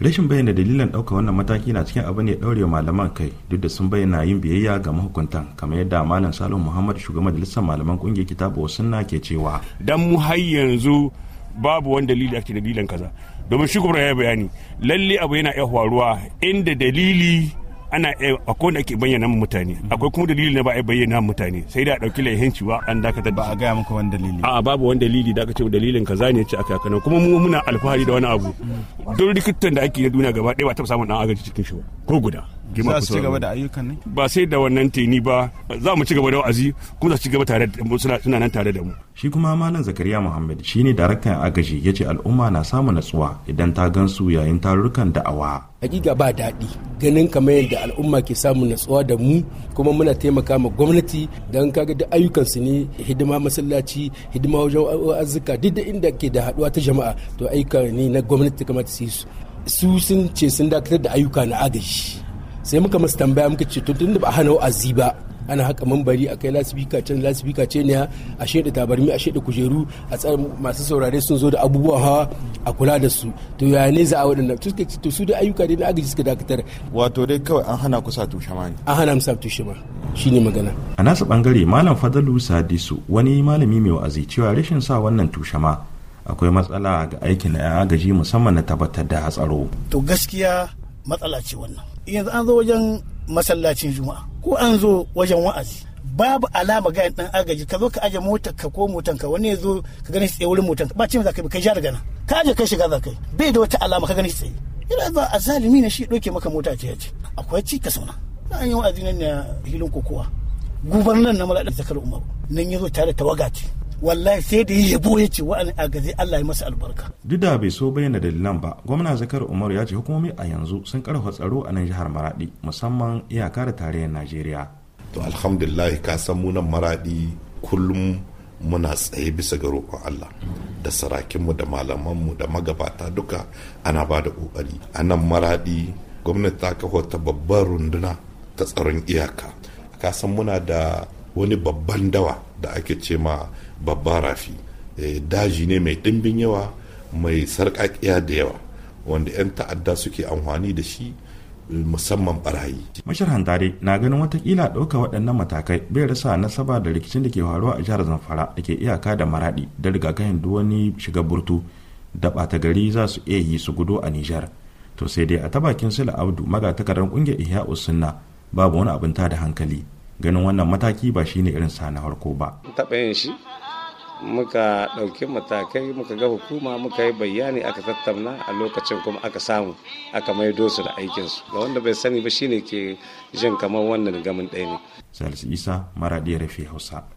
rashin bayyana dalilan ɗauka wannan mataki na cikin abin ya ɗaure malaman kai duk da sun bayyana yin biyayya ga mahukuntan kamar yadda malam Salihu muhammad shugaban majalisar malaman ƙungiyar kitabu wasunna ke cewa dan mu har yanzu babu wani dalili ake dalilan kaza domin shi ya bayani lalle abu yana iya faruwa inda dalili ana akwai wanda ake bayyana mu mutane mhm. akwai kuma dalili na ba a bayyana mu mutane sai da a dauki laihin wa an dakatar ba a gaya muku wani dalili a babu wani dalili da ce dalilin kaza ne ce aka kana kuma mu muna alfahari da wani abu mhm. don rikitan da ake na duniya gaba ɗaya ba taɓa samun dan agaji cikin shi ko guda za su ci gaba da ayyukan ne ba sai da wannan teni ba za mu ci gaba da wa'azi kuma za su ci gaba tare da mu suna nan tare da mu shi kuma malam zakariya muhammad ne daraktan agaji yace al'umma na samun natsuwa idan ta gansu yayin tarurrukan da'awa hakika ba daɗi ganin kamar yadda al'umma ke samun natsuwa da mu kuma muna taimaka ma gwamnati don kaga da ayyukansu ne hidima masallaci hidima wajen wa'azzuka duk da inda ke da haɗuwa ta jama'a to ayyuka ne na gwamnati kamata su su sun ce sun dakatar da ayyuka na agaji sai muka masu tambaya muka ce tun da ba hana wa'azi ba ana haka mambari a kai lasifika can lasifika ce ne a shaida tabarmi a shaida kujeru a tsarin masu saurare sun zo da abubuwan hawa a kula da su to yaya ne za a waɗannan to suka to su da ayyuka dai na agaji suka dakatar wato dai kawai an hana ku sa tushe ma ne an hana mu sa tushe ma shine magana a nasu bangare malam fadalu sadisu wani malami mai wa'azi cewa rashin sa wannan tushe ma akwai matsala ga aikin agaji musamman na tabbatar da hatsaro to gaskiya matsala ce wannan yanzu an zo wajen masallacin juma'a ko an zo wajen wa'azi babu alama ga dan agaji ka zo ka aje mota ka ko motan ka wani ya zo ka gani tsaye wurin motar ba ce za ka bi ka jihar gana. ka aje kai shiga za yi bai da wata alama ka gani tsaye yana zuwa a zalimi na shi doke maka mota ce yace akwai ci ka sauna an yi wa'azi nan na hilin kokowa gubernan na malaɗin zakar umar nan ya zo tare da tawaga ce wallahi sai da ya yabo ya ce wa'an Allah ya masa albarka. Duk da bai so bayyana dalilan ba, gwamna Zakar Umar ya ce hukumomi a yanzu sun karfafa tsaro a nan jihar Maradi musamman iyaka da tarayyar Najeriya. To alhamdulillah ka san mu nan Maradi kullum muna tsaye bisa ga roƙon Allah da sarakinmu da malamanmu da magabata duka ana ba da ƙoƙari. A nan Maradi gwamnati ta kafa ta babbar runduna ta tsaron iyaka. Ka san muna da wani babban dawa da ake ce ma babba rafi eh, daji ne mai ɗimbin yawa mai sarƙaƙiya da yawa wanda 'yan ta'adda suke amfani da shi eh, musamman barayi. mashar tare na ganin watakila ɗauka waɗannan matakai bai rasa nasaba da rikicin da ke faruwa a jihar Zamfara da ke iyaka da Maraɗi da rigakafin duk wani shiga burtu da ɓata gari za su iya yi su gudo a Nijar. To sai dai a ta bakin Sula Abdu magatakardar ƙungiyar Ihya Usunna babu wani abin ta da hankali. ganin wannan mataki ba shine irin sa na farko ba taɓa yin shi muka ɗauki matakai muka ga hukuma muka yi bayani aka tattauna a lokacin kuma aka samu aka maido su da aikinsu ga wanda bai sani ba shine ke jin kamar wannan gamin ɗaya ne salisu isa mara rafi hausa